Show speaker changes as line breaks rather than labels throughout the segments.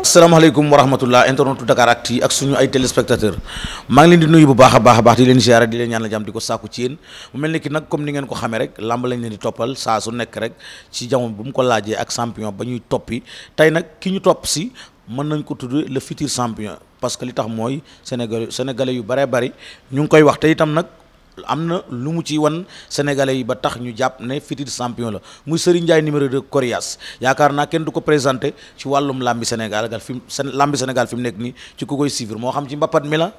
assalamualaikum warahmatullahi jiin dakar ak ti ak suñu ay téléspectateur maa ngi leen di nuyu bu baax a baax di leen ziaré di leen ñaanal jàmm di ko sàkku ci yeen mu melni ki nak comme ni ngeen ko xamé rek lamb lañ leen di topal sa su nek rek ci jamm bu mu ko laaje ak champion bañuy topi tay nak ki ñu top ci mën nañ ko tuddu le futur champion parce que li tax mooy Sénégal sénégalais yu bare bari ñu ngi koy wax te itam nag am na lu mu ci wan sénégalais yi ba tax ñu jàpp ne futur champion la muy Serigne Ndiaye numéro de Coriace yaakaar naa kenn du ko présenté ci wàllum làmbi Sénégal gal fi mu Sénégal fi mu nekk nii ci ku koy suivre moo xam ci mbappat mi la.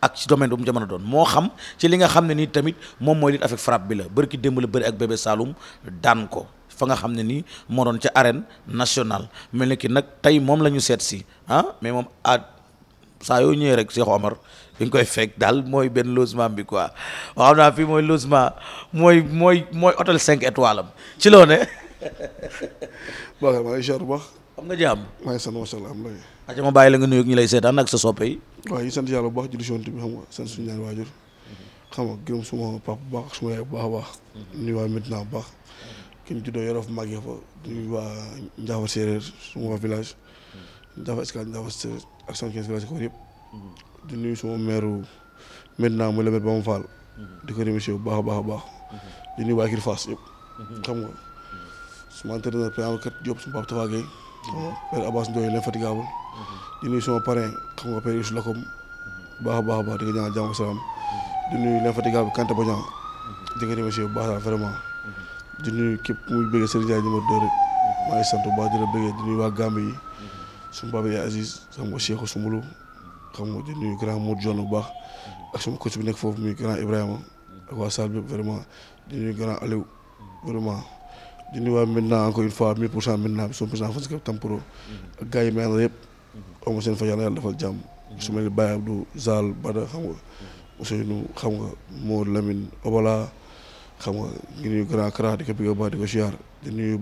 ak ci domaine bu mu jamono doon moo xam ci li nga xam ne nii tamit moom mooy lit avec frappe bi la bërki démb la bëri ak bébé Saloum daan ko fa nga xam ne nii moo doon ca arène nationale mel ni ki nag tey moom la ñu seet si ah, saa yoo ñëwee rek Cheikh Omar fi nga koy fekk daal mooy benn logement bi quoi waaw xam naa fii mooy logement mooy mooy mooy hôtel cinq étoiles am ci loo ne.
baaxee maa ngi baax. nga jàmm. maa ngi sant macha allah am lay. ma
bàyyi la nga nuyu ñu lay seetaan ak sa soppe yi.
waaw ñu sant yàlla bu baax julli si bi xam nga sant suñu ñaari waajur xam nga gërëm suma papa bu baax suma yaay bu baax a baax. Mm-hmm. nuyu waa Medina bu baax. ki ñu juddoo Yorof fa nuyu waa Njaafar Séeréer suma village. Mm-hmm. Ndafa Escale Ndafa Sër ak cent quinze villages yëpp. Mm-hmm. di nuyu sama maire maintenant mu lebel ba mu faal. Mm-hmm. di ko remercier bu baax a baax a baax. Mm-hmm. di nuyu waa Kër yëpp. xam nga suma entraîneur Père Amath Diop suma papa Tafa Gueye. Père Abbas Ndoye l'infatigable. di nuyu sama parrain xam nga Père Youssou Lakom. baax a baax a baax di nga ñaanal jàmm ak salaam. di nuyu l'infatigable Kanté Badian. di ko remercier bu baax daal vraiment. di nuyu képp muy bëggee Serigne Ndiaye numéro 2 rek. maa ngi baax di bëggee di nuyu waa Gambie yi. suñu baba yaay Aziz xam bu baax ak sama coach bi nekk Ibrahima ak vraiment di nuyu grand Aliou vraiment di nuyu waa maintenant encore une fois mille pour cent maintenant bi son président Fass Cap Tamporo ak nga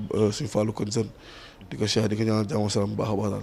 Ousseynou a di ko siyaar euh, bu baax a baax daal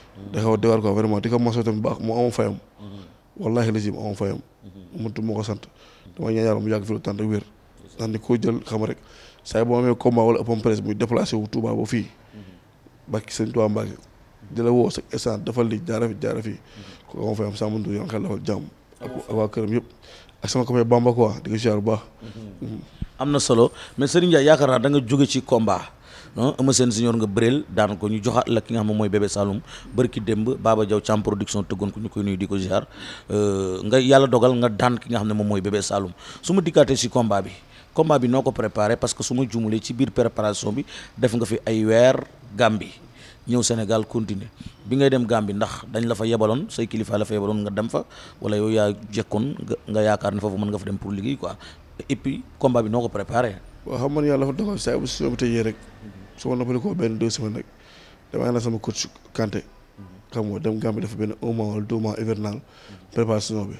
da a déwar quoi vraiment di ko mosoo tamit baax mu amoon fayam wallahi lazim amoon fayam mëntu moo ko sant dama ñaan yàlla ba sa instant dafal li jaara fi jaara fii ko amoon fayam sa mëntu yo xel dafal jàmm ak waa këram yëpp ak sama copain Bamba quoi di ko ziar bu baax
am na solo mais Serigne Ndiaye yaakaar naa da nga jóge ci komba Eumeu sen senior nga bëreel daan ko ñu joxat la ki nga xam salom Bébé salum barki demb Baba jaw cham production tëggoon ko ñu koy nuyu di ko euh nga yalla dogal nga dan ki nga xam ne salom. moy Bébé salum suma dikaté ci si combat bi combat bi noko préparer parce que suma jumulé ci bir préparation bi def nga fi ay wèr gambi Sénégal continue bi ngay dem gambi, ndax dañ la fa yebalon say kilifa la fa yebalon nga dem fa wala yow ya jekkon nga yaakar ne fofu man nga fa dem pour liggéey quoi et puis combat bi noko préparer
wa xam man dogal say bu si yóbbu rek su ma noppali ko benn deux semaines rek damay ànd sama coach Kanté xam nga dem Gambie dafa benn un mois wala deux mois hivernal préparation bi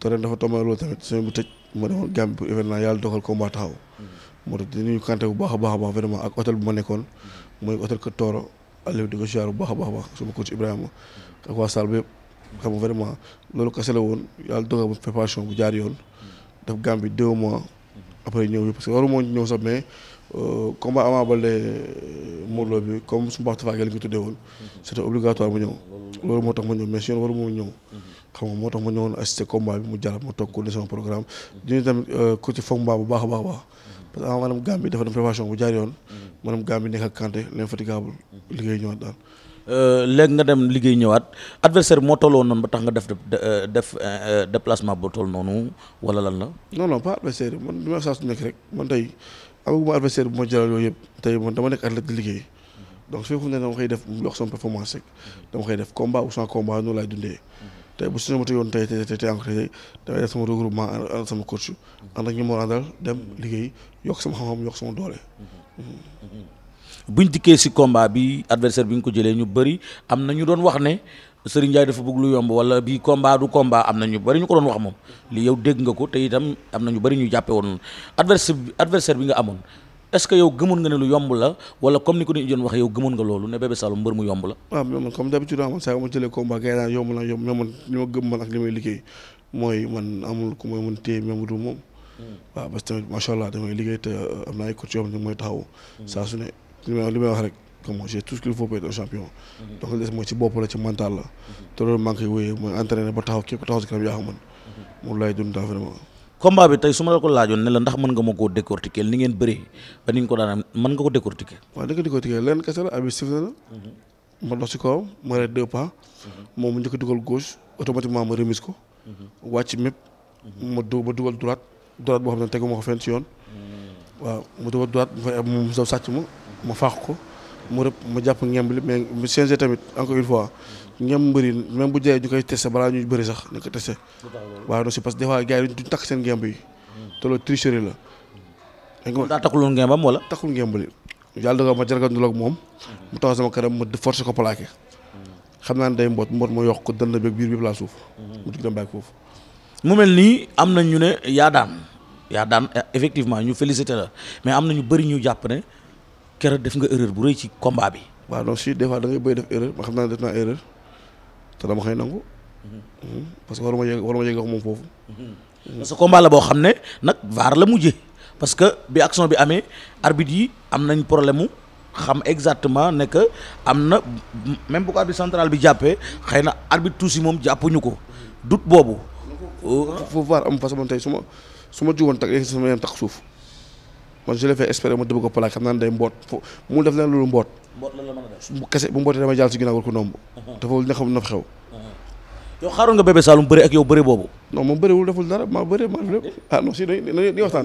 te ren dafa tombé loolu tamit semaine bu ma demoon Gambie pour hivernal yàlla dogal taxaw moo tax dinañu Kanté bu baax a baax a baax vraiment ak bu ma nekkoon mooy hôtel Kër Tooro Aliou di ko ziar bu baax a baax a baax sama loolu kese la woon yàlla dogal ba bu jaar yoon def Gambie deux mois après ñëw bi parce que waru moo ñëw sax mai Euh, combat Ama Baldé euh, Modou Lo bi comme su mbaxtu faagee li nga tuddee woon c'était obligatoire mu ñëw loolu moo tax ma ñëw mais si yoon waru moo ñëw xam nga moo tax ma ñëwoon assister combat bi mu jàll ma toog ko sama programme dinu tamit euh, ku a baax baax parce que Ama maanaam Gambie dafa dem préparation bu jaar yoon maanaam Gambie nekk ak Kanté l'infatigable liggéey ñëwaat daal
léegi nga dem liggéey ñëwaat adversaire moo tolloon noonu ba tax nga def def déplacement bu toll noonu wala lan la
non non pas adversaire man li ma su nekk rek man tey amaguma adversaire bu ma jaral yooyu yëpp tey moom dama nekk athlète di liggéey donc su fekkoon ne dama koy def wax sama performance rek dama koy def komba ou sans combat noonu dundee tey bu suñu moto yoon tey tey tey tey encore sama regroupement am sama coach ànd ak ñu ma àndal dem liggéey yokk sama xam-xam yokk sama doole.
buñ dikkee si combat bi adversaire bi ñu ko jëlee ñu bëri am na ñu doon wax ne Serigne Ndiaye dafa bëgg lu yomb wala bii combat du combat am na ñu bari ñu ko doon wax moom li yow dégg nga ko te itam am na ñu bari ñu jàppe woon adversaire bi nga amoon est-ce que yow gëmoon nga ne lu yomb la wala comme ni ko nit ñi loolu ne Bébé Saloum mbër mu yomb la.
waaw man comme d'habitude ah man saa ma jëlee combat gars yi daal yomb na yomb mais li ma gëm man ak li may liggéey mooy man amul ku may mën téye même du moom. Hmm. waaw parce que allah damay liggéey te euh, am na ay coach hmm. li may wax comme j'ai tout ce qu'il faut pour être un champion. Mhm. donc li moi mooy ci bopp la ci mental la. Mhm. te loolu maa ngi koy entraîné ba taxaw képp taxaw si kanam yaa ko mën. Mhm. moom laay dund daal vraiment.
combat bi tey su ma la ko laajoon ne la ndax mën nga ma koo décortiquer ni ngeen bëri ba ni nga ko daan mën nga ko décortiquer.
waaw da nga ko décortiquer lenn kese la abi sif na. ma dox si kawam ma rey deux pas. moom mu njëkk a dugal gauche automatiquement ma remise ko. wàcc mépp. ma du ma dugal droite droite boo xam ne tegu ma ko fenn ci yoon. waaw mu dugal droite mu fay mu sàcc ma ko. mu rëpp mu jàpp ngemb li mais mu changé tamit encore une fois ngemb mbëri même bu jëlee ñu koy testé balaa ñuy bëri sax ñu ko testé. waaw aussi parce que des fois gars yi duñ takk seen ngemb yi. te loolu tricherie la. daa wala. takkul ngemb li yàlla dogal ma jargandu moom. mu taxaw sama force ko plaqué. xam naa ne day mboot mboot ma yokk ko dënn beeg biir bi laa suuf. am na ñu ne yaa
daan yaa daan effectivement ñu félicité la mais am na ñu bëri ñu jàpp ne keroog
def nga erreur bu rëy ci combat bi. waaw non si des fois bëy def erreur ba xam naa def naa erreur te dama xëy nangu. Mhm. Mhm. parce que waruma yëg waruma yëg moom foofu. Mhm. parce que combat la boo
xam ne nag vaar la mujjee parce que bi action bi amee arbitre yi am nañ problème mu xam exactement ne am na même bu ko arbitre central bi jàppee xëy na
arbitre tuuti moom jàppuñu ko dut boobu. foofu vaar am parce que tey su ma su ma jugoon tag suuf. man je l'ai fait espérer ma dëbb ko plaque xam naa ne day mboot fo mu def leen loolu mboot. mboot lan la mën a def. bu kese bu mbootee damay jàll si ginnaaw war ko nomb. Uh-huh. te foofu li nga xam na fa xew. Uh-huh. yow xaaroon nga bébé Saloum bëri ak yow bëri boobu. non moom bëriwul deful dara maa bëri maa def lépp ah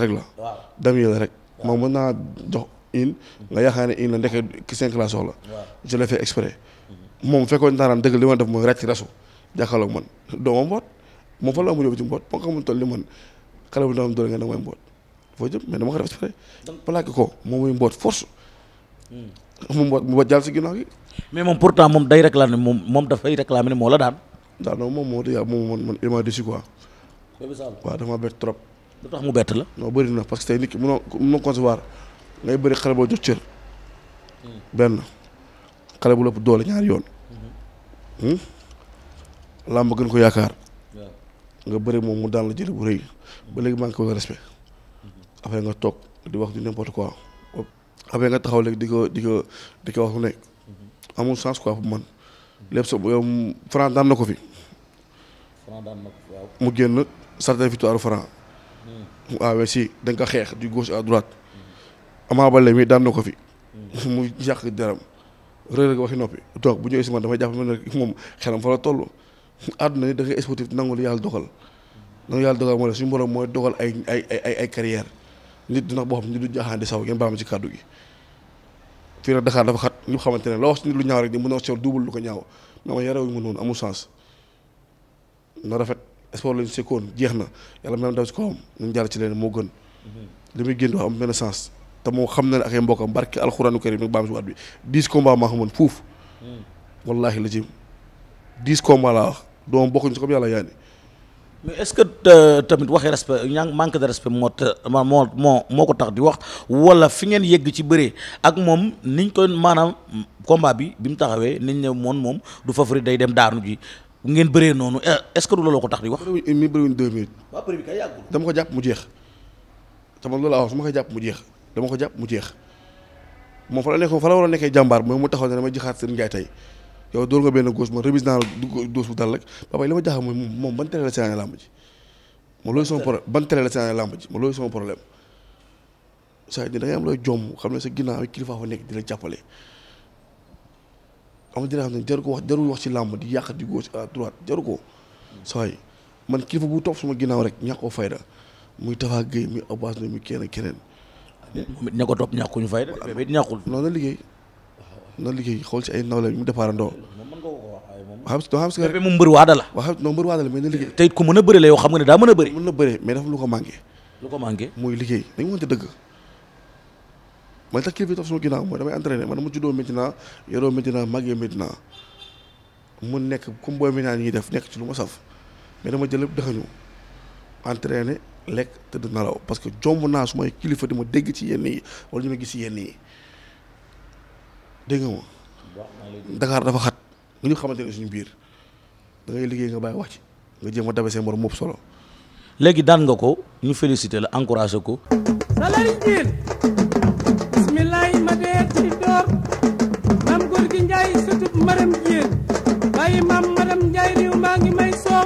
rek la. dam yi rek moom mën naa jox il nga yaakaar il la ndeke ki cinq la soxla je l'ai fait exprès moom fekkoon taaram dëgg li ma def mooy ràcc rasu jàkkaarloog man doomam bot mo fa la mu yóbbu ci mboot ponk mu toll li man xale bu doomam doole nga nag mooy mboot foo jëm mais dama ko def exprès plaqué ko mo muy bot force mo bot mo mboot jàll si gi mais pourtant day réclamer réclamer la daan di ya moom man il m'a déçu quoi waaw dama bet trop lu mu bett la non na parce que nit concevoir ngay bëri xale bo jox cër ben xale bu lëpp doole ñaar yoon mm-hmm. hmm lamb gën ko yaakaar nga bëri mom mu dal la jëli bu reuy ba léegi manqué wala respect mm-hmm. après nga tok di wax di n'importe quoi après nga taxaw léegi diko diko diko wax ne mm-hmm. amu sens quoi pour man lépp sa yow Franc daan na ko fi mu génn certaine victoire Franc mm. mu aawee si dañ ko xex du gauche à droite Ama Baldé mii daan na ko fi. mu yàq deram Reug Reug waxi noppi toog bu ñëwee si man damay jàpp ne moom xelam fa la toll. àdduna ni da ngay sportif nangu lu yàlla dogal. nangu yàlla dogal mooy suñu borom mooy dogal ay ay ay ay dina boo xam ne du di saw ngeen baam ci kàddu gi. fii nag Dakar dafa xat xamante ne loo wax si nit lu ñaaw rek di mën a sew duubal lu ko ñaaw non ma yarewuñu ma noonu amul sens. na rafet sport lañu sekkoon jeex na yàlla mën na daw si kawam ñu jàll ci leen moo gën. Mhm. li muy génn am benn sens. te moom xam ak ay mbokam barki alxuraanu karim ak baam ci waat bi dix combat ma xamone fouf wallahi la jim dix combat la wax do bokkuñ ci comme yalla yani mais est ce que
euh, tamit waxe respect ñang manque de respect mo mo moo moo tax di wax wala fi ngeen yegg ci beure ak mom niñ ko manam combat bi bi taxawé niñ ne mon mom du favori day dem daanu ji ngeen beure nonu est ce que du loolu ko tax di wax mi beure une 2 minutes waaw beure bi ka yagul
dama ko japp mu jeex sama lolo wax suma ko japp mu jeex dama ko jàpp mu jeex moom fa la nekkoon nekkee jàmbaar mooy mu taxaw ne damay jixaat seen Ndiaye tey yow dóor nga benn góos ma remise naa la góos bu dal rek papa li ma jaaxal mooy moom ban télé la seetaane làmb ji ma loolu sama problème ban télé la seetaane làmb ji ma loolu sama problème saa yi da am looy jomm xam ne sa ginnaaw ay kilifa fa nekk di la jàppale am dina xam ne jaru ko wax jarul wax ci làmb di yàq di góos à droite jaru ko so yi man kilifa bu topp suma ginnaaw rek ñàkk ko muy Tafa Gueye muy Abbas muy keneen moom ko topp ñàkkuñu fay de. mais it ñàkkul. noonu la liggéey ay ndaw la mu defaarandoo. xam si moom mbër waada la. waaw xam non mbër waada la mais a bëri la a bëri. mën a bëri ko ko manqué muy liggéey dañu mënta dëgg. man tax kilifa yi topp sama ginnaaw mooy damay entraîné man dama juddoo Medina yoroo Medina màggee Medina mu nekk comme mi Medina ñuy def nekk ci lu ma saf mais dama jël lépp dëxañu entraîné lekk tëdd nelaw parce que jomb naa su may kilifa di ma dégg ci yenn yi wala ñu ma gis yenn yi dégg nga ma Dakar dafa xat nga ñu xamante ne suñu biir da ngay liggéey nga bàyyi ci nga jéem a dabe seen borom moom solo.
léegi daan nga ko ñu félicité la encouragé ko.
salari jiin bismillahi ma dee ci door maam góor gi Njaay sëtub maram
jiin bàyyi maam